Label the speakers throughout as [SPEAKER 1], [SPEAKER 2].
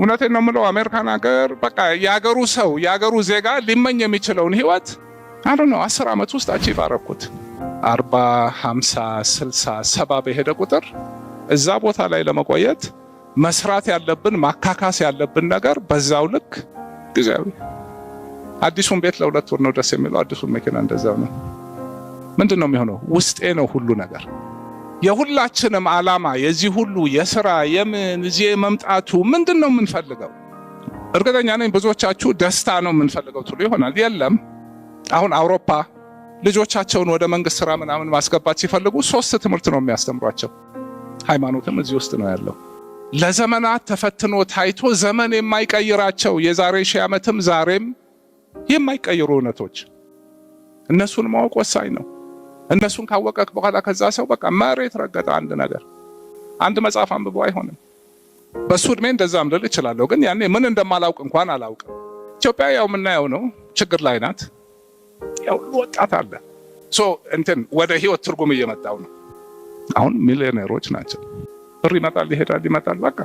[SPEAKER 1] እውነቴን ነው የምለው። አሜሪካን ሀገር በቃ የሀገሩ ሰው የሀገሩ ዜጋ ሊመኝ የሚችለውን ህይወት አንዱ ነው አስር ዓመት ውስጥ አቺቭ አረኩት። አርባ ሀምሳ ስልሳ ሰባ በሄደ ቁጥር እዛ ቦታ ላይ ለመቆየት መስራት ያለብን ማካካስ ያለብን ነገር በዛው ልክ ጊዜያዊ አዲሱን ቤት ለሁለት ወር ነው ደስ የሚለው። አዲሱን መኪና እንደዛው ነው። ምንድን ነው የሚሆነው? ውስጤ ነው ሁሉ ነገር የሁላችንም ዓላማ የዚህ ሁሉ የስራ የምን እዚህ መምጣቱ ምንድን ነው የምንፈልገው? እርግጠኛ ነኝ ብዙዎቻችሁ ደስታ ነው የምንፈልገው ትሉ ይሆናል። የለም አሁን አውሮፓ ልጆቻቸውን ወደ መንግስት ስራ ምናምን ማስገባት ሲፈልጉ ሶስት ትምህርት ነው የሚያስተምሯቸው። ሃይማኖትም እዚህ ውስጥ ነው ያለው። ለዘመናት ተፈትኖ ታይቶ ዘመን የማይቀይራቸው የዛሬ ሺህ ዓመትም ዛሬም የማይቀይሩ እውነቶች እነሱን ማወቅ ወሳኝ ነው። እነሱን ካወቀክ በኋላ ከዛ ሰው በቃ መሬት ረገጠ አንድ ነገር አንድ መጽሐፍ አንብቦ አይሆንም። በሱ እድሜ እንደዛም ልል እችላለሁ፣ ግን ያኔ ምን እንደማላውቅ እንኳን አላውቅም። ኢትዮጵያ ያው የምናየው ነው፣ ችግር ላይ ናት። ያው ወጣት አለ ሶ እንትን ወደ ህይወት ትርጉም እየመጣው ነው። አሁን ሚሊዮነሮች ናቸው። ብር ይመጣል፣ ይሄዳል፣ ይመጣል በቃ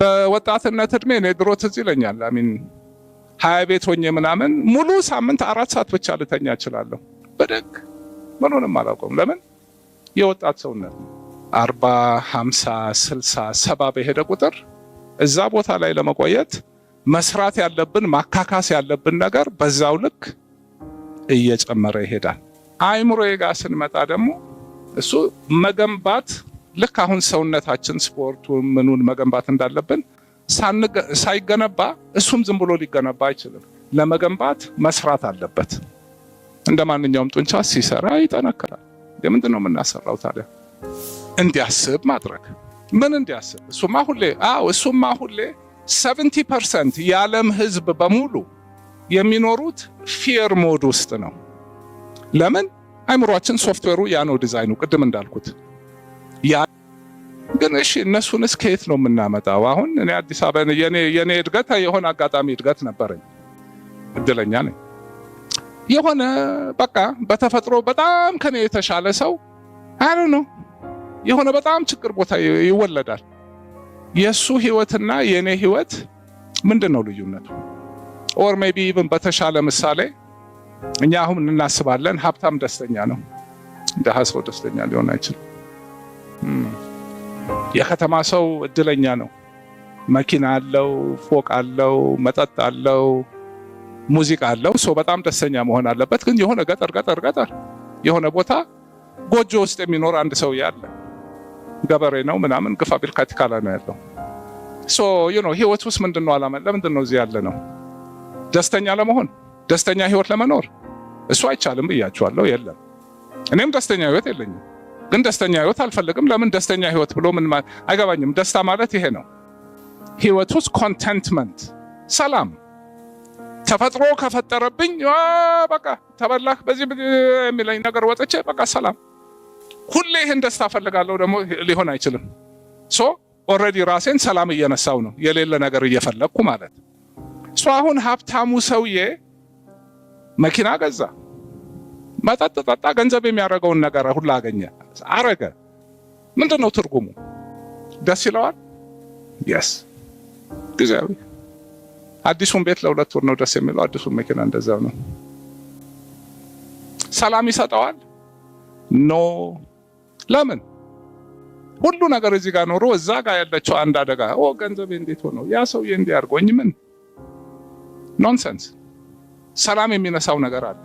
[SPEAKER 1] በወጣትነት እድሜ እኔ ድሮ ትዝ ይለኛል አሚን ሀያ ቤት ሆኜ ምናምን ሙሉ ሳምንት አራት ሰዓት ብቻ ልተኛ እችላለሁ። በደግ ምኑንም አላውቀውም። ለምን የወጣት ሰውነት ነው። አርባ ሀምሳ ስልሳ ሰባ በሄደ ቁጥር እዛ ቦታ ላይ ለመቆየት መስራት ያለብን ማካካስ ያለብን ነገር በዛው ልክ እየጨመረ ይሄዳል። አእምሮዬ ጋር ስንመጣ ደግሞ እሱ መገንባት ልክ አሁን ሰውነታችን ስፖርቱ ምኑን መገንባት እንዳለብን ሳይገነባ እሱም ዝም ብሎ ሊገነባ አይችልም። ለመገንባት መስራት አለበት። እንደ ማንኛውም ጡንቻ ሲሰራ ይጠነክራል። የምንድን ነው የምናሰራው ታዲያ? እንዲያስብ ማድረግ ምን እንዲያስብ? እሱማ ሁሌ አዎ፣ እሱማ ሁሌ 70 ፐርሰንት የዓለም ህዝብ በሙሉ የሚኖሩት ፊየር ሞድ ውስጥ ነው። ለምን? አይምሯችን ሶፍትዌሩ ያ ነው ዲዛይኑ፣ ቅድም እንዳልኩት ግን እሺ እነሱን እስከየት ነው የምናመጣው? አሁን እኔ አዲስ አበባ የኔ እድገት የሆነ አጋጣሚ እድገት ነበረኝ፣ እድለኛ ነኝ። የሆነ በቃ በተፈጥሮ በጣም ከኔ የተሻለ ሰው አሉ ነው የሆነ በጣም ችግር ቦታ ይወለዳል። የእሱ ህይወትና የእኔ ህይወት ምንድን ነው ልዩነቱ? ኦር ሜቢ ኢቭን በተሻለ ምሳሌ እኛ አሁን እናስባለን ሀብታም ደስተኛ ነው፣ ድሃ ሰው ደስተኛ ሊሆን አይችልም። የከተማ ሰው እድለኛ ነው። መኪና አለው፣ ፎቅ አለው፣ መጠጥ አለው፣ ሙዚቃ አለው። ሰው በጣም ደስተኛ መሆን አለበት። ግን የሆነ ገጠር ገጠር ገጠር የሆነ ቦታ ጎጆ ውስጥ የሚኖር አንድ ሰው ያለ ገበሬ ነው ምናምን ግፋ ቢል ካቲካላ ነው ያለው። ሶ ዩ ኖ ህይወት ውስጥ ምንድን ነው አላማ? ለምንድን ነው እዚህ ያለ ነው? ደስተኛ ለመሆን ደስተኛ ህይወት ለመኖር እሱ አይቻልም ብያችኋለሁ። የለም እኔም ደስተኛ ህይወት የለኝም። ግን ደስተኛ ህይወት አልፈልግም። ለምን ደስተኛ ህይወት ብሎ ምን አይገባኝም። ደስታ ማለት ይሄ ነው። ህይወት ውስጥ ኮንተንትመንት፣ ሰላም ተፈጥሮ ከፈጠረብኝ በቃ ተበላህ በዚህ የሚለኝ ነገር ወጥቼ በቃ ሰላም። ሁሌ ይህን ደስታ ፈልጋለሁ ደግሞ ሊሆን አይችልም። ሶ ኦልሬዲ ራሴን ሰላም እየነሳው ነው የሌለ ነገር እየፈለግኩ ማለት ሶ አሁን ሀብታሙ ሰውዬ መኪና ገዛ መጠጥ ጠጣ፣ ገንዘብ የሚያደርገውን ነገር ሁሉ አገኘ፣ አረገ። ምንድን ነው ትርጉሙ? ደስ ይለዋል? የስ ጊዜያዊ። አዲሱን ቤት ለሁለት ወር ነው ደስ የሚለው። አዲሱን መኪና እንደዛ ነው። ሰላም ይሰጠዋል? ኖ። ለምን? ሁሉ ነገር እዚህ ጋር ኖሮ እዛ ጋር ያለችው አንድ አደጋ። ኦ ገንዘቤ እንዴት ሆነው ያ ሰውዬ አድርጎኝ ምን ኖንሰንስ። ሰላም የሚነሳው ነገር አለ።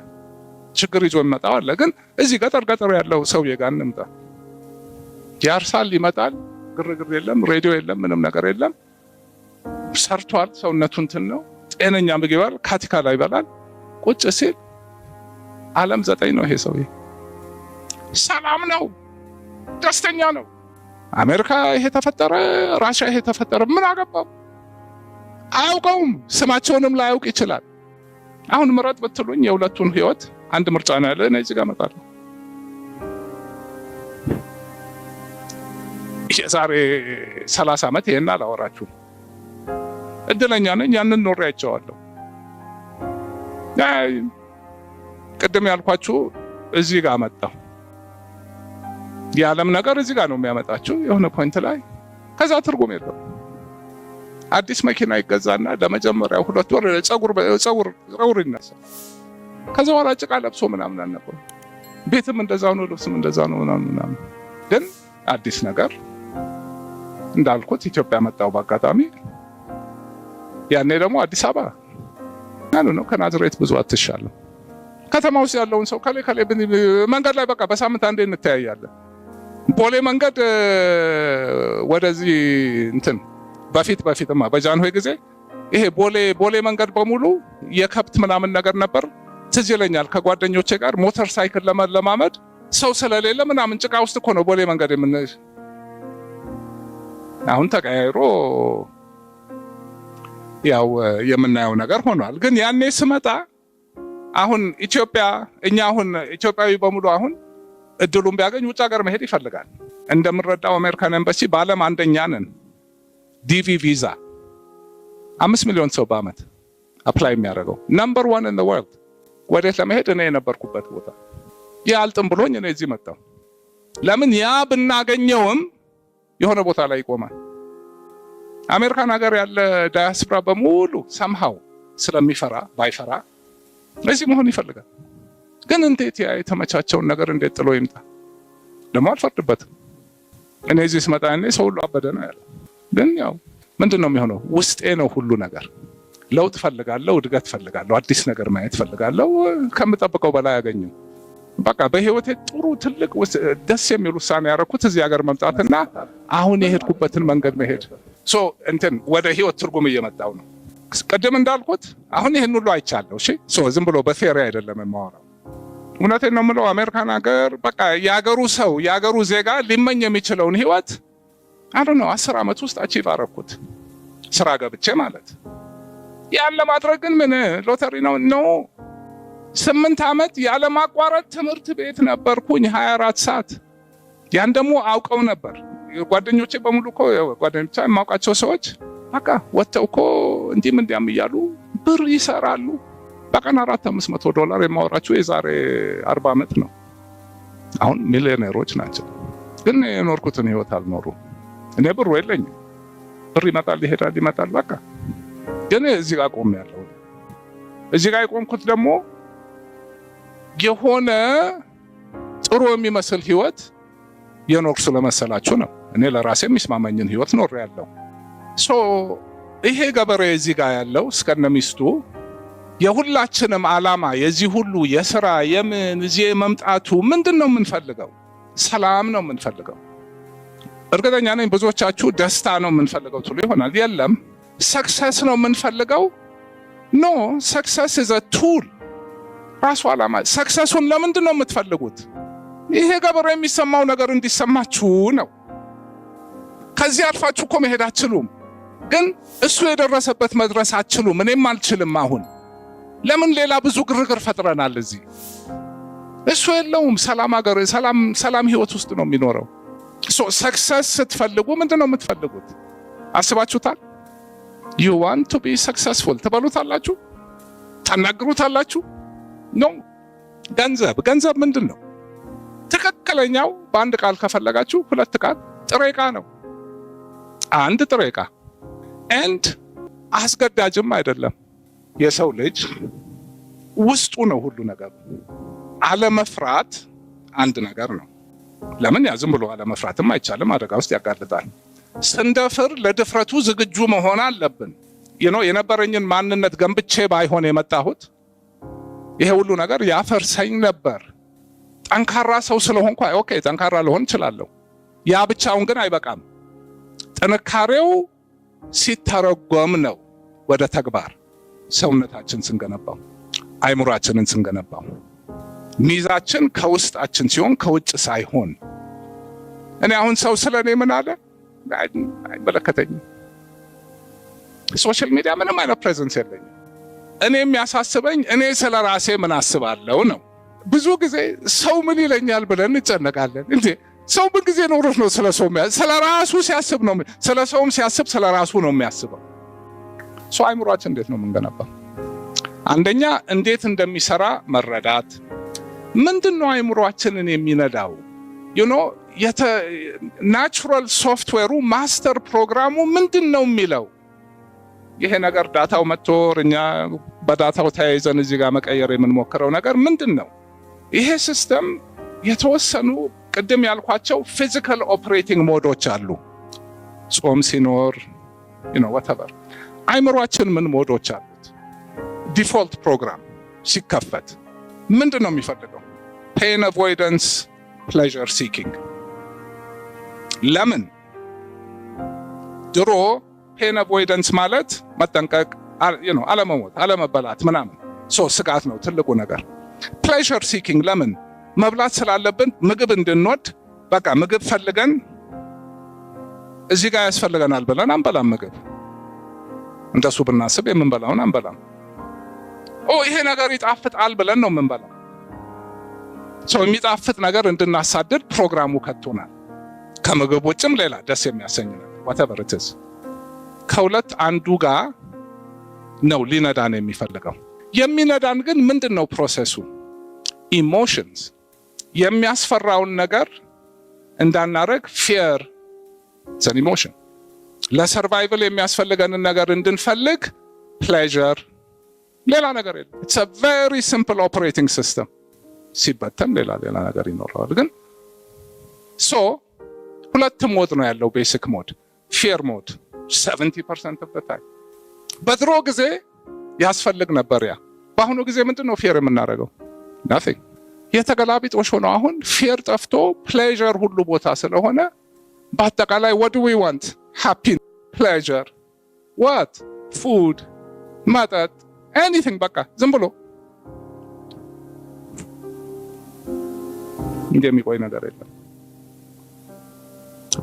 [SPEAKER 1] ችግር ይዞ ይመጣው አለ። ግን እዚህ ገጠር ገጠር ያለው ሰው ጋር እንምጣ። ያርሳል፣ ይመጣል፣ ግርግር የለም፣ ሬዲዮ የለም፣ ምንም ነገር የለም። ሰርቷል፣ ሰውነቱ እንትን ነው፣ ጤነኛ ምግብ ይበላል፣ ካቲካ ላይ ይበላል። ቁጭ ሲል ዓለም ዘጠኝ ነው ይሄ ሰውዬ። ሰላም ነው፣ ደስተኛ ነው። አሜሪካ ይሄ ተፈጠረ፣ ራሽያ ይሄ ተፈጠረ፣ ምን አገባው? አያውቀውም። ስማቸውንም ላያውቅ ይችላል። አሁን ምረጥ ብትሉኝ የሁለቱን ህይወት አንድ ምርጫ ነው ያለ እና እዚህ ጋር እመጣለሁ። የዛሬ ሰላሳ ዓመት ይሄን አላወራችሁም። እድለኛ ነኝ፣ ያንን ኖሬ አይቼዋለሁ። ቅድም ያልኳችሁ እዚህ ጋር መጣሁ። የዓለም ነገር እዚህ ጋር ነው የሚያመጣችሁ የሆነ ፖይንት ላይ፣ ከዛ ትርጉም የለው። አዲስ መኪና ይገዛና ለመጀመሪያ ሁለት ወር ፀጉር ይነሳል። ከዛ በኋላ ጭቃ ለብሶ ምናምን አልነበሩ። ቤትም እንደዛ ነው፣ ልብስም እንደዛ ነው ምናምን ምናምን። ግን አዲስ ነገር እንዳልኩት ኢትዮጵያ መጣው በአጋጣሚ ያኔ ደግሞ አዲስ አበባ ያሉ ነው ከናዝሬት ብዙ አትሻለም። ከተማ ውስጥ ያለውን ሰው ከሌ ከሌ መንገድ ላይ በቃ በሳምንት አንዴ እንተያያለን። ቦሌ መንገድ ወደዚህ እንትን በፊት በፊትማ በጃንሆይ ጊዜ ይሄ ቦሌ ቦሌ መንገድ በሙሉ የከብት ምናምን ነገር ነበር። ትዝ ይለኛል ከጓደኞቼ ጋር ሞተር ሳይክል ለመለማመድ ሰው ስለሌለ ምናምን ጭቃ ውስጥ እኮ ነው ቦሌ መንገድ የምን አሁን ተቀያይሮ ያው የምናየው ነገር ሆኗል። ግን ያኔ ስመጣ አሁን ኢትዮጵያ እኛ አሁን ኢትዮጵያዊ በሙሉ አሁን እድሉን ቢያገኝ ውጭ ሀገር መሄድ ይፈልጋል። እንደምንረዳው አሜሪካን ኤምባሲ በዓለም አንደኛ ነን። ዲቪ ቪዛ አምስት ሚሊዮን ሰው በአመት አፕላይ የሚያደርገው ነምበር ዋን ኢን ወርልድ ወዴት ለመሄድ እኔ የነበርኩበት ቦታ ያልጥም ብሎኝ እኔ እዚህ መጣሁ። ለምን ያ ብናገኘውም የሆነ ቦታ ላይ ይቆማል። አሜሪካን ሀገር ያለ ዳያስፖራ በሙሉ ሰምሃው ስለሚፈራ ባይፈራ እዚህ መሆን ይፈልጋል። ግን እንዴት ያ የተመቻቸውን ነገር እንዴት ጥሎ ይምጣ? ደግሞ አልፈርድበትም። እኔ እዚህ ስመጣ እኔ ሰው ሁሉ አበደ ነው ያለ። ግን ያው ምንድን ነው የሚሆነው ውስጤ ነው ሁሉ ነገር ለውጥ ፈልጋለሁ፣ እድገት ፈልጋለሁ፣ አዲስ ነገር ማየት ፈልጋለሁ። ከምጠብቀው በላይ አገኘው። በቃ በህይወቴ ጥሩ ትልቅ ደስ የሚል ውሳኔ ያደረኩት እዚህ ሀገር መምጣትና አሁን የሄድኩበትን መንገድ መሄድ እንትን ወደ ህይወት ትርጉም እየመጣው ነው። ቅድም እንዳልኩት አሁን ይህን ሁሉ አይቻለሁ። እሺ ዝም ብሎ በፌሪ አይደለም የማወራው። እውነቴን ነው የምለው። አሜሪካን ሀገር በቃ የሀገሩ ሰው የሀገሩ ዜጋ ሊመኝ የሚችለውን ህይወት አሁን ነው አስር ዓመት ውስጥ አቺቭ አረኩት ስራ ገብቼ ማለት ያን ለማድረግ ግን ምን ሎተሪ ነው ነው። ስምንት ዓመት ያለማቋረጥ ትምህርት ቤት ነበርኩኝ 24 ሰዓት። ያን ደግሞ አውቀው ነበር ጓደኞቼ በሙሉ እኮ ጓደኞቼ የማውቃቸው ሰዎች በቃ ወጥተው እኮ እንዲህም እንዲያም እያሉ ብር ይሰራሉ። በቀን አራት አምስት መቶ ዶላር የማወራቸው የዛሬ አርባ ዓመት ነው። አሁን ሚሊዮኔሮች ናቸው። ግን የኖርኩትን ህይወት አልኖሩ። እኔ ብሩ የለኝም። ብር ይመጣል ይሄዳል፣ ይመጣል በቃ ግን እዚህ ጋር ቆም ያለው እዚህ ጋር የቆምኩት ደግሞ የሆነ ጥሩ የሚመስል ህይወት የኖርኩ ስለመሰላችሁ ነው። እኔ ለራሴ የሚስማማኝን ህይወት ኖር ያለው ሶ ይሄ ገበሬ እዚህ ጋር ያለው እስከነ ሚስቱ የሁላችንም ዓላማ የዚህ ሁሉ የስራ የምን እዚህ መምጣቱ ምንድን ነው የምንፈልገው? ሰላም ነው የምንፈልገው። እርግጠኛ ነኝ ብዙዎቻችሁ ደስታ ነው የምንፈልገው ትሉ ይሆናል። የለም ሰክሰስ ነው የምንፈልገው? ኖ ሰክሰስ ዘ ቱል ራሱ አላማ ሰክሰሱን ለምንድን ነው የምትፈልጉት? ይሄ ገበሬ የሚሰማው ነገር እንዲሰማችሁ ነው። ከዚህ አልፋችሁ እኮ መሄድ አትችሉም፣ ግን እሱ የደረሰበት መድረስ አትችሉም። እኔም አልችልም። አሁን ለምን ሌላ ብዙ ግርግር ፈጥረናል እዚህ። እሱ የለውም። ሰላም ሀገር፣ ሰላም ህይወት ውስጥ ነው የሚኖረው። ሰክሰስ ስትፈልጉ ምንድን ነው የምትፈልጉት? አስባችሁታል? ዩ ዋንት ቱ ቢ ሰክሰስፉል ትበሉታላችሁ፣ ታናግሩታላችሁ። ኖ ገንዘብ ገንዘብ ምንድን ነው? ትክክለኛው በአንድ ቃል ከፈለጋችሁ ሁለት ቃል ጥሬ ዕቃ ነው። አንድ ጥሬ ዕቃ ኤንድ አስገዳጅም አይደለም። የሰው ልጅ ውስጡ ነው ሁሉ ነገር። አለመፍራት አንድ ነገር ነው። ለምን ያ ዝም ብሎ አለመፍራትም አይቻልም፣ አደጋ ውስጥ ያጋልጣል። ስንደፍር ለድፍረቱ ዝግጁ መሆን አለብን። የነበረኝን ማንነት ገንብቼ ባይሆን የመጣሁት ይሄ ሁሉ ነገር ያፈርሰኝ ነበር። ጠንካራ ሰው ስለሆንኩ ኦኬ ጠንካራ ልሆን እችላለሁ። ያ ብቻውን ግን አይበቃም። ጥንካሬው ሲተረጎም ነው ወደ ተግባር ሰውነታችን ስንገነባው፣ አይምሯችንን ስንገነባው፣ ሚዛችን ከውስጣችን ሲሆን ከውጭ ሳይሆን እኔ አሁን ሰው ስለኔ ምን አለ አይመለከተኝም። ሶሻል ሚዲያ ምንም አይነት ፕሬዘንስ የለኝም። እኔ የሚያሳስበኝ እኔ ስለ ራሴ ምን አስባለው ነው። ብዙ ጊዜ ሰው ምን ይለኛል ብለን እንጨነቃለን። እንዴ ሰው ምን ጊዜ ኖሮት ነው ስለ ሰው ስለ ራሱ ሲያስብ ነው። ስለ ሰውም ሲያስብ ስለ ራሱ ነው የሚያስበው። ሰው አይምሯችን እንዴት ነው የምንገነባው? አንደኛ እንዴት እንደሚሰራ መረዳት። ምንድን ነው አይምሯችንን የሚነዳው? ዩኖ ናቹራል ሶፍትዌሩ ማስተር ፕሮግራሙ ምንድን ነው የሚለው ይሄ ነገር ዳታው መጥቶር እኛ በዳታው ተያይዘን እዚህ ጋር መቀየር የምንሞክረው ነገር ምንድን ነው? ይሄ ሲስተም የተወሰኑ ቅድም ያልኳቸው ፊዚካል ኦፕሬቲንግ ሞዶች አሉ። ጾም ሲኖር ወተበር አይምሯችን ምን ሞዶች አሉት? ዲፎልት ፕሮግራም ሲከፈት ምንድን ነው የሚፈልገው? ፔን አቮይደንስ ፕሌዥር ሲኪንግ ለምን ድሮ ፔን አቮይደንስ ማለት መጠንቀቅ፣ አለመሞት፣ አለመበላት ምናምን ሶስት ስጋት ነው ትልቁ ነገር። ፕሌዥር ሲኪንግ ለምን መብላት ስላለብን ምግብ እንድንወድ በቃ ምግብ ፈልገን እዚህ ጋር ያስፈልገናል ብለን አንበላም ምግብ። እንደሱ ብናስብ የምንበላውን አንበላም። ኦ ይሄ ነገር ይጣፍጣል ብለን ነው የምንበላው። ሰው የሚጣፍጥ ነገር እንድናሳድድ ፕሮግራሙ ከቶናል። ከምግብ ውጭም ሌላ ደስ የሚያሰኝ ነገር ከሁለት አንዱ ጋር ነው ሊነዳን የሚፈልገው። የሚነዳን ግን ምንድን ነው ፕሮሰሱ? ኢሞሽንስ የሚያስፈራውን ነገር እንዳናረግ ፊየር ዘን ኢሞሽን ለሰርቫይቭል የሚያስፈልገንን ነገር እንድንፈልግ ፕሌዥር፣ ሌላ ነገር የለም። ኢትስ አ ሲምፕል ኦፕሬቲንግ ሲስተም። ሲበተን ሌላ ሌላ ነገር ይኖረዋል ግን ሶ ሁለት ሞድ ነው ያለው። ቤሲክ ሞድ፣ ፌር ሞድ 70 በድሮ ጊዜ ያስፈልግ ነበር ያ። በአሁኑ ጊዜ ምንድን ነው ፌር የምናደርገው? ናቲንግ። የተገላቢጦሽ ሆኖ አሁን ፌር ጠፍቶ ፕሌዠር ሁሉ ቦታ ስለሆነ በአጠቃላይ ወድ ዊ ዋንት ሃፒ ፕሌዠር ዋት ፉድ መጠጥ ኤኒቲንግ በቃ ዝም ብሎ እንደሚቆይ ነገር የለም።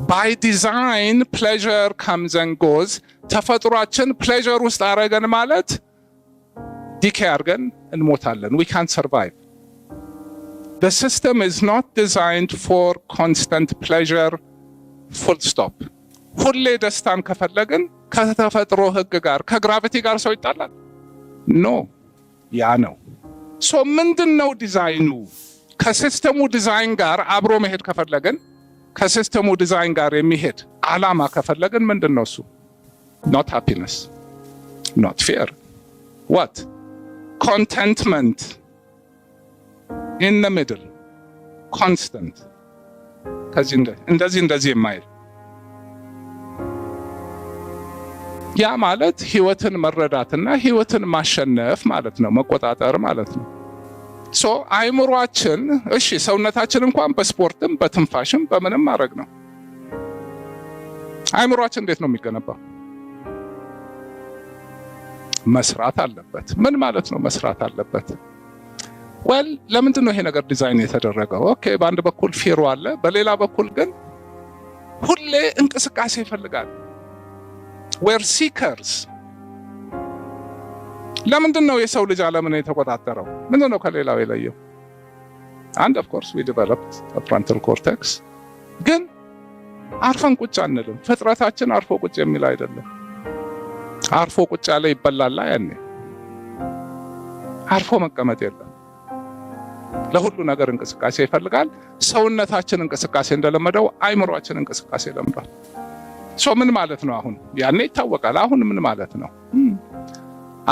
[SPEAKER 1] ባይ ዲዛይን ፕሌዠር ካምዝ ኤንድ ጎዝ። ተፈጥሯችን ፕሌዠር ውስጥ አረገን ማለት ዲኬ አርገን እንሞታለን። ዊ ካን ሰርቫይቭ The system is not designed for constant pleasure, full stop. ሁሌ ደስታን ከፈለግን ከተፈጥሮ ህግ ጋር ከግራቪቲ ጋር ሰው ይጣላል። ኖ ያ ነው ሶ ምንድን ነው ዲዛይኑ? ከሲስተሙ ዲዛይን ጋር አብሮ መሄድ ከፈለግን ከሲስተሙ ዲዛይን ጋር የሚሄድ አላማ ከፈለግን ምንድን ነው እሱ? ኖት ሃፒነስ ኖት ፌር ዋት ኮንተንትመንት ኢን ሚድል ኮንስተንት እንደዚህ እንደዚህ የማይል ያ ማለት ህይወትን መረዳትና ህይወትን ማሸነፍ ማለት ነው፣ መቆጣጠር ማለት ነው። ሶ አእምሯችን እሺ፣ ሰውነታችን እንኳን በስፖርትም በትንፋሽም በምንም ማድረግ ነው። አእምሯችን እንዴት ነው የሚገነባው? መስራት አለበት። ምን ማለት ነው መስራት አለበት? ወል ለምንድን ነው ይሄ ነገር ዲዛይን የተደረገው? ኦኬ፣ በአንድ በኩል ፌሮ አለ፣ በሌላ በኩል ግን ሁሌ እንቅስቃሴ ይፈልጋል ዌር ሲከርስ ለምንድን ነው የሰው ልጅ ዓለምን የተቆጣጠረው? ምንድን ነው ከሌላው የለየው? አንድ ኦፍኮርስ ኮርስ ዊ ዲቨሎፕድ ኮርቴክስ ግን አርፈን ቁጭ አንልም። ፍጥረታችን አርፎ ቁጭ የሚል አይደለም። አርፎ ቁጭ ያለ ይበላላ። ያኔ አርፎ መቀመጥ የለም። ለሁሉ ነገር እንቅስቃሴ ይፈልጋል። ሰውነታችን እንቅስቃሴ እንደለመደው አይምሯችን እንቅስቃሴ ለምዷል። ሶ ምን ማለት ነው? አሁን ያኔ ይታወቃል። አሁን ምን ማለት ነው?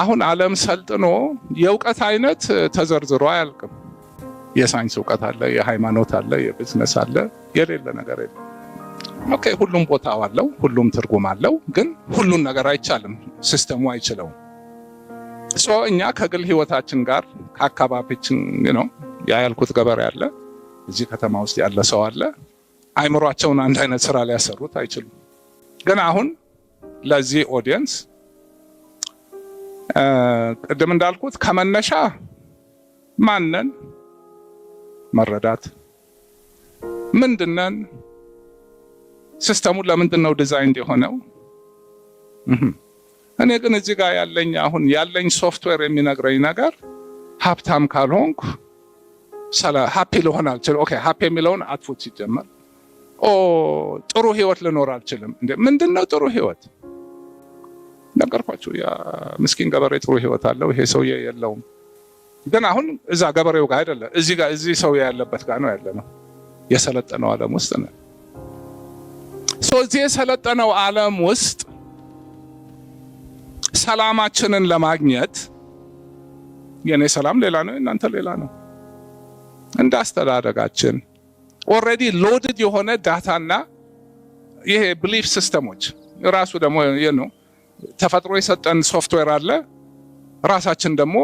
[SPEAKER 1] አሁን ዓለም ሰልጥኖ የእውቀት አይነት ተዘርዝሮ አያልቅም። የሳይንስ እውቀት አለ፣ የሃይማኖት አለ፣ የቢዝነስ አለ፣ የሌለ ነገር የለም። ኦኬ ሁሉም ቦታ አለው፣ ሁሉም ትርጉም አለው። ግን ሁሉን ነገር አይቻልም፣ ሲስተሙ አይችለውም። ሶ እኛ ከግል ህይወታችን ጋር ከአካባቢችን ነው ያያልኩት ገበሬ አለ፣ እዚህ ከተማ ውስጥ ያለ ሰው አለ። አይምሯቸውን አንድ አይነት ስራ ሊያሰሩት አይችሉም። ግን አሁን ለዚህ ኦዲየንስ ቅድም እንዳልኩት ከመነሻ ማንን መረዳት ምንድነን? ሲስተሙ ለምንድን ነው ዲዛይን የሆነው? እኔ ግን እዚህ ጋር ያለኝ አሁን ያለኝ ሶፍትዌር የሚነግረኝ ነገር ሀብታም ካልሆንኩ ሀፒ ልሆን አልችልም። ኦኬ ሀፒ የሚለውን አጥፉት ሲጀመር። ጥሩ ህይወት ልኖር አልችልም። ምንድን ነው ጥሩ ህይወት? ነገርኳችሁ። ምስኪን ገበሬ ጥሩ ህይወት አለው፣ ይሄ ሰውዬ የለውም። ግን አሁን እዛ ገበሬው ጋር አይደለም፣ እዚህ ጋር እዚህ ሰው ያለበት ጋር ነው ያለ ነው። የሰለጠነው ዓለም ውስጥ ነው። እዚህ የሰለጠነው ዓለም ውስጥ ሰላማችንን ለማግኘት የኔ ሰላም ሌላ ነው፣ እናንተ ሌላ ነው። እንደ አስተዳደጋችን ኦልሬዲ ሎድድ የሆነ ዳታና ይሄ ብሊፍ ሲስተሞች ራሱ ደግሞ ነው ተፈጥሮ የሰጠን ሶፍትዌር አለ። ራሳችን ደግሞ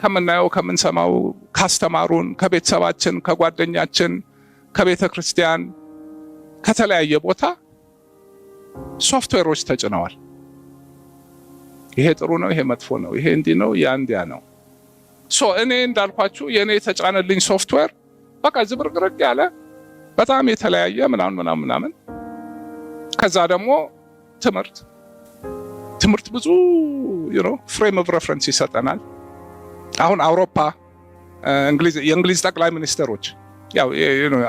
[SPEAKER 1] ከምናየው ከምንሰማው፣ ካስተማሩን፣ ከቤተሰባችን፣ ከጓደኛችን፣ ከቤተ ክርስቲያን፣ ከተለያየ ቦታ ሶፍትዌሮች ተጭነዋል። ይሄ ጥሩ ነው፣ ይሄ መጥፎ ነው፣ ይሄ እንዲህ ነው፣ ያ እንዲያ ነው። ሶ እኔ እንዳልኳችሁ የእኔ የተጫነልኝ ሶፍትዌር በቃ ዝብርቅርቅ ያለ በጣም የተለያየ ምናምን ምናምን ምናምን ከዛ ደግሞ ትምህርት ትምህርት ብዙ ፍሬም ኦፍ ረፍረንስ ይሰጠናል። አሁን አውሮፓ uh, የእንግሊዝ ጠቅላይ ሚኒስተሮች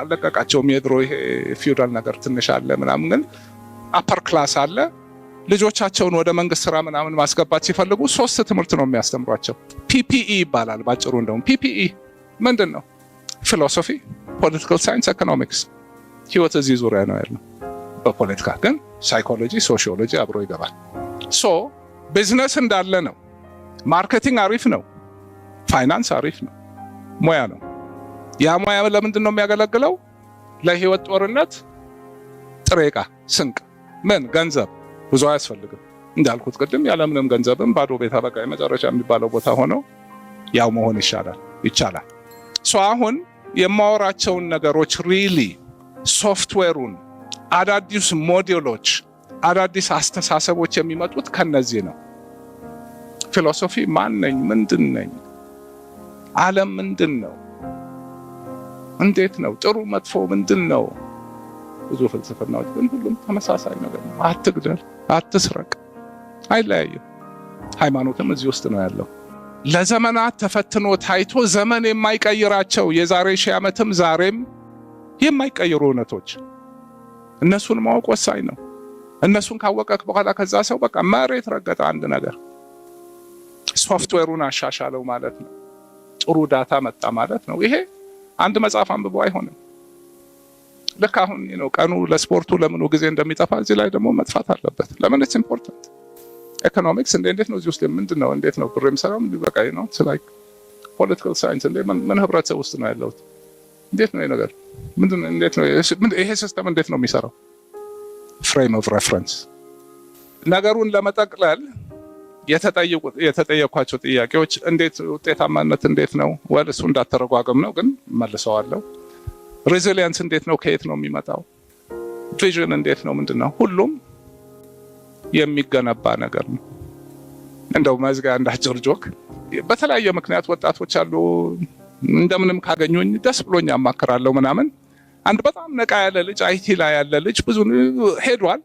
[SPEAKER 1] አለቀቃቸውም የድሮ ይሄ ፊውዳል ነገር ትንሽ አለ ምናምን፣ ግን አፐር ክላስ አለ ልጆቻቸውን ወደ መንግስት ስራ ምናምን ማስገባት ሲፈልጉ ሶስት ትምህርት ነው የሚያስተምሯቸው። ፒፒኢ e ይባላል ባጭሩ። እንደውም ፒፒኢ ምንድን ነው? ፊሎሶፊ፣ ፖለቲካል ሳይንስ፣ ኢኮኖሚክስ። ህይወት እዚህ ዙሪያ ነው ያለው። በፖለቲካ ግን ሳይኮሎጂ፣ ሶሺዮሎጂ አብሮ ይገባል። ሶ ቢዝነስ እንዳለ ነው። ማርኬቲንግ አሪፍ ነው። ፋይናንስ አሪፍ ነው። ሙያ ነው። ያ ሙያ ለምንድን ነው የሚያገለግለው? ለህይወት ጦርነት ጥሬ ዕቃ፣ ስንቅ፣ ምን ገንዘብ ብዙ አያስፈልግም። እንዳልኩት ቅድም ያለምንም ገንዘብም ባዶ ቤት አበቃ የመጨረሻ የሚባለው ቦታ ሆነው ያው መሆን ይሻላል ይቻላል። ሶ አሁን የማወራቸውን ነገሮች ሪሊ ሶፍትዌሩን አዳዲስ ሞዴሎች፣ አዳዲስ አስተሳሰቦች የሚመጡት ከነዚህ ነው። ፊሎሶፊ ማን ነኝ? ምንድን ነኝ? ዓለም ምንድን ነው? እንዴት ነው? ጥሩ መጥፎ ምንድን ነው? ብዙ ፍልስፍናዎች ግን ሁሉም ተመሳሳይ ነገር ነው። አትግደል፣ አትስረቅ፣ አይለያይም። ሃይማኖትም እዚህ ውስጥ ነው ያለው። ለዘመናት ተፈትኖ ታይቶ ዘመን የማይቀይራቸው የዛሬ ሺህ ዓመትም ዛሬም የማይቀይሩ እውነቶች እነሱን ማወቅ ወሳኝ ነው። እነሱን ካወቀክ በኋላ ከዛ ሰው በቃ መሬት ረገጠ አንድ ነገር። ሶፍትዌሩን አሻሻለው ማለት ነው። ጥሩ ዳታ መጣ ማለት ነው። ይሄ አንድ መጽሐፍ አንብቦ አይሆንም። ልክ አሁን ነው ቀኑ ለስፖርቱ ለምኑ ጊዜ እንደሚጠፋ እዚህ ላይ ደግሞ መጥፋት አለበት። ለምን ኢትስ ኢምፖርታንት ኢኮኖሚክስ እንደ እንዴት ነው እዚህ ውስጥ ምንድን ነው እንዴት ነው ብር የሚሰራው በቃ ነው ፖለቲካል ሳይንስ እንደ ምን ህብረተሰብ ውስጥ ነው ያለሁት እንዴት ነው ነገር ነው? እንዴት ነው ይሄ ሲስተም እንዴት ነው የሚሰራው? ፍሬም ኦፍ ሬፈረንስ ነገሩን ለመጠቅለል የተጠየኳቸው ጥያቄዎች እንዴት ውጤታማነት እንዴት ነው ወል እሱ እንዳተረጓገም ነው ግን መልሰዋለሁ። ሬዚሊየንስ እንዴት ነው ከየት ነው የሚመጣው? ቪዥን እንዴት ነው ምንድን ነው? ሁሉም የሚገነባ ነገር ነው። እንደው መዝጋ እንዳጭር አጀርጆክ በተለያየ ምክንያት ወጣቶች አሉ እንደምንም ካገኙኝ ደስ ብሎኝ አማክራለሁ ምናምን። አንድ በጣም ነቃ ያለ ልጅ አይቲ ላይ ያለ ልጅ ብዙ ሄዷል።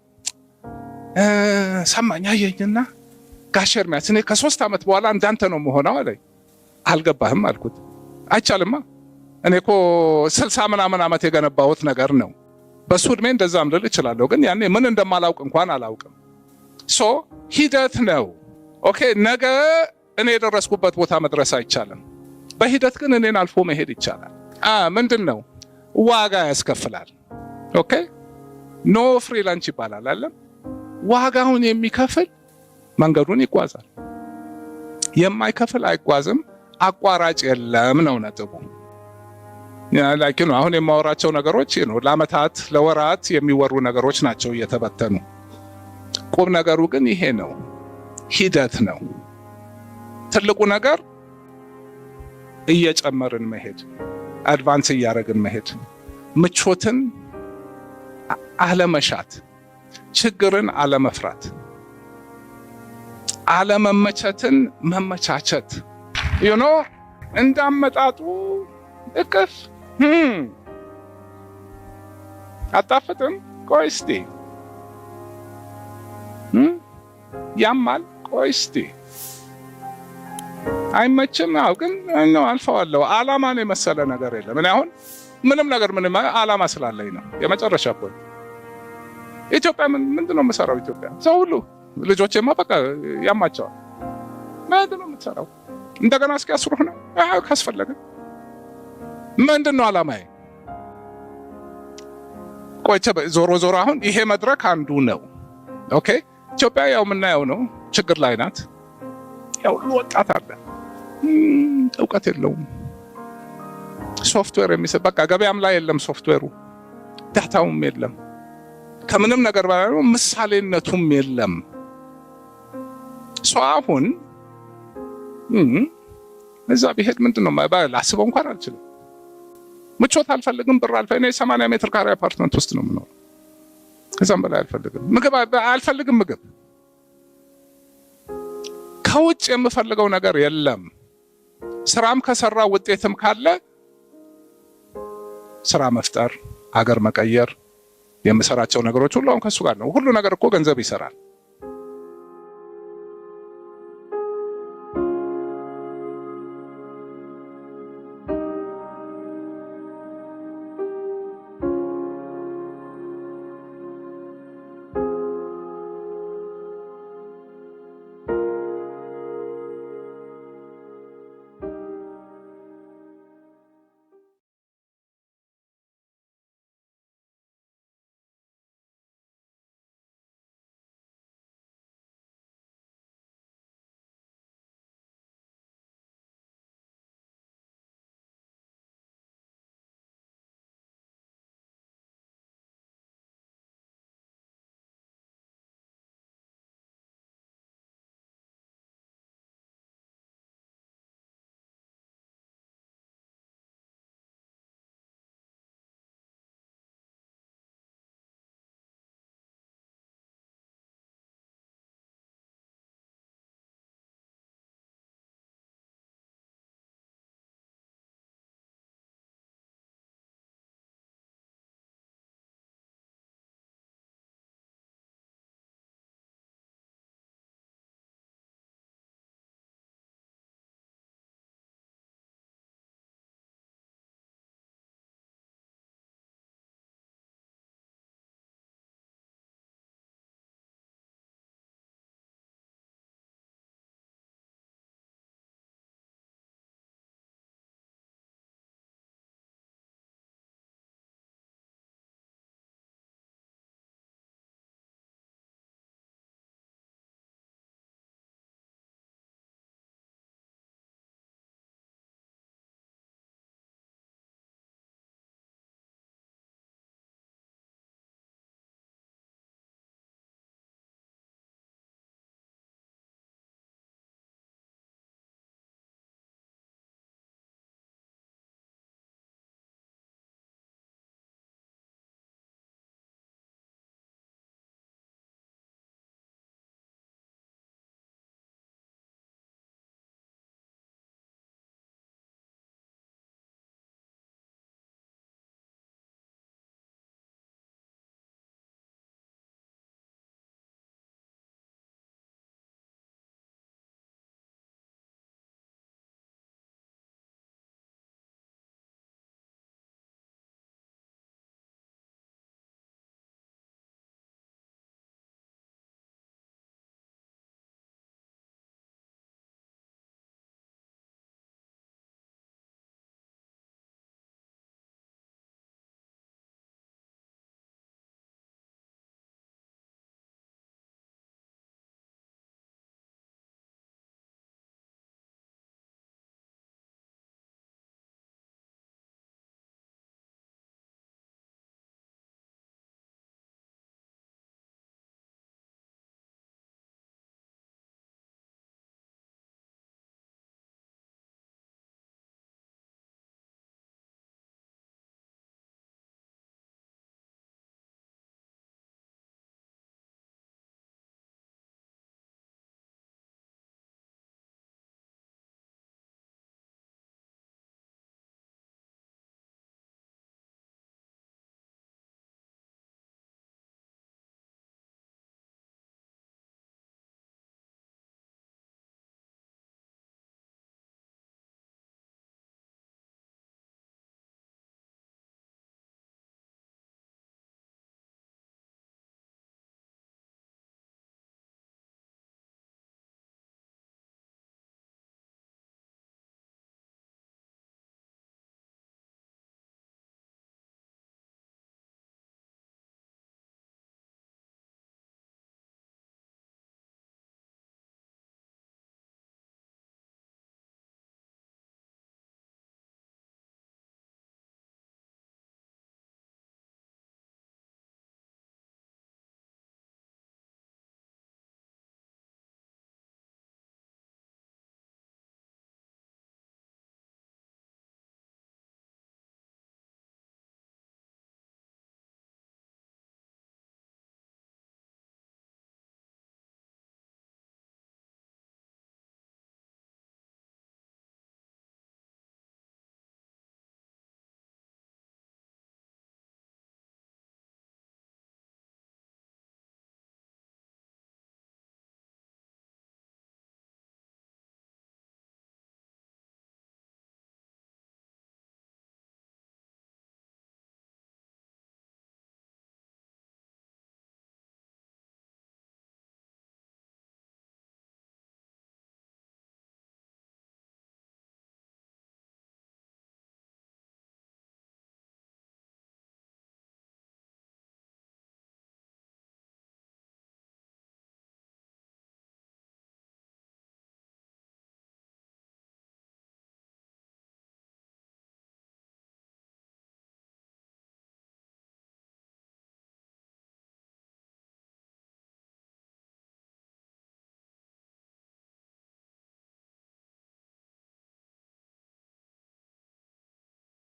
[SPEAKER 1] ሰማኝ አየኝና ጋሽ ኤርሚያስ እኔ ከሶስት ዓመት በኋላ እንዳንተ ነው መሆነው አለኝ። አልገባህም አልኩት። አይቻልማ እኔ እኮ ስልሳ ምናምን ዓመት የገነባሁት ነገር ነው። በሱ እድሜ እንደዛም ልል እችላለሁ፣ ግን ያኔ ምን እንደማላውቅ እንኳን አላውቅም። ሶ ሂደት ነው። ኦኬ ነገ እኔ የደረስኩበት ቦታ መድረስ አይቻልም። በሂደት ግን እኔን አልፎ መሄድ ይቻላል። ምንድን ነው ዋጋ ያስከፍላል። ኦኬ ኖ ፍሪላንስ ይባላል አለም ዋጋውን የሚከፍል መንገዱን ይጓዛል፣ የማይከፍል አይጓዝም። አቋራጭ የለም ነው ነጥቡ። ነው አሁን የማወራቸው ነገሮች ነው ለአመታት ለወራት የሚወሩ ነገሮች ናቸው እየተበተኑ። ቁም ነገሩ ግን ይሄ ነው፣ ሂደት ነው ትልቁ ነገር። እየጨመርን መሄድ፣ አድቫንስ እያደረግን መሄድ፣ ምቾትን አለመሻት፣ ችግርን አለመፍራት፣ አለመመቸትን መመቻቸት ዩኖ እንዳመጣጡ እቅፍ hmm. አጣፍጥም ቆይ እስቲ hmm? ያማል ቆይ እስቲ አይመችም ግን ነው አልፈዋለሁ። አላማን የመሰለ ነገር የለም። እኔ አሁን ምንም ነገር ምንም አላማ ስላለኝ ነው። የመጨረሻ ፖይንት። ኢትዮጵያ ምንድን ነው የምሰራው? ኢትዮጵያ ሰው ሁሉ ልጆቼማ በቃ ያማቸዋል። ምንድን ነው የምትሰራው? እንደገና እስኪ አስሩ ሆነ ካስፈለገ ምንድን ነው አላማዬ? ቆይቼ ዞሮ ዞሮ አሁን ይሄ መድረክ አንዱ ነው። ኦኬ ኢትዮጵያ ያው የምናየው ነው፣ ችግር ላይ ናት። ያው ሁሉ ወጣት አለ እውቀት የለውም። ሶፍትዌር የሚሰጥ በቃ ገበያም ላይ የለም፣ ሶፍትዌሩ ዳታውም የለም፣ ከምንም ነገር በላይ ምሳሌነቱም የለም። ሰው አሁን እዛ ቢሄድ ምንድን ነው ላስበው እንኳን አልችልም። ምቾት አልፈልግም፣ ብር አልፈ እኔ ሰማንያ ሜትር ካሬ አፓርትመንት ውስጥ ነው ምኖር፣ ከዛም በላይ አልፈልግም። ምግብ አልፈልግም ምግብ ከውጭ የምፈልገው ነገር የለም። ስራም ከሰራ ውጤትም ካለ ስራ መፍጠር፣ አገር መቀየር የምሰራቸው ነገሮች ሁሉ አሁን ከሱ ጋር ነው። ሁሉ ነገር እኮ ገንዘብ ይሰራል።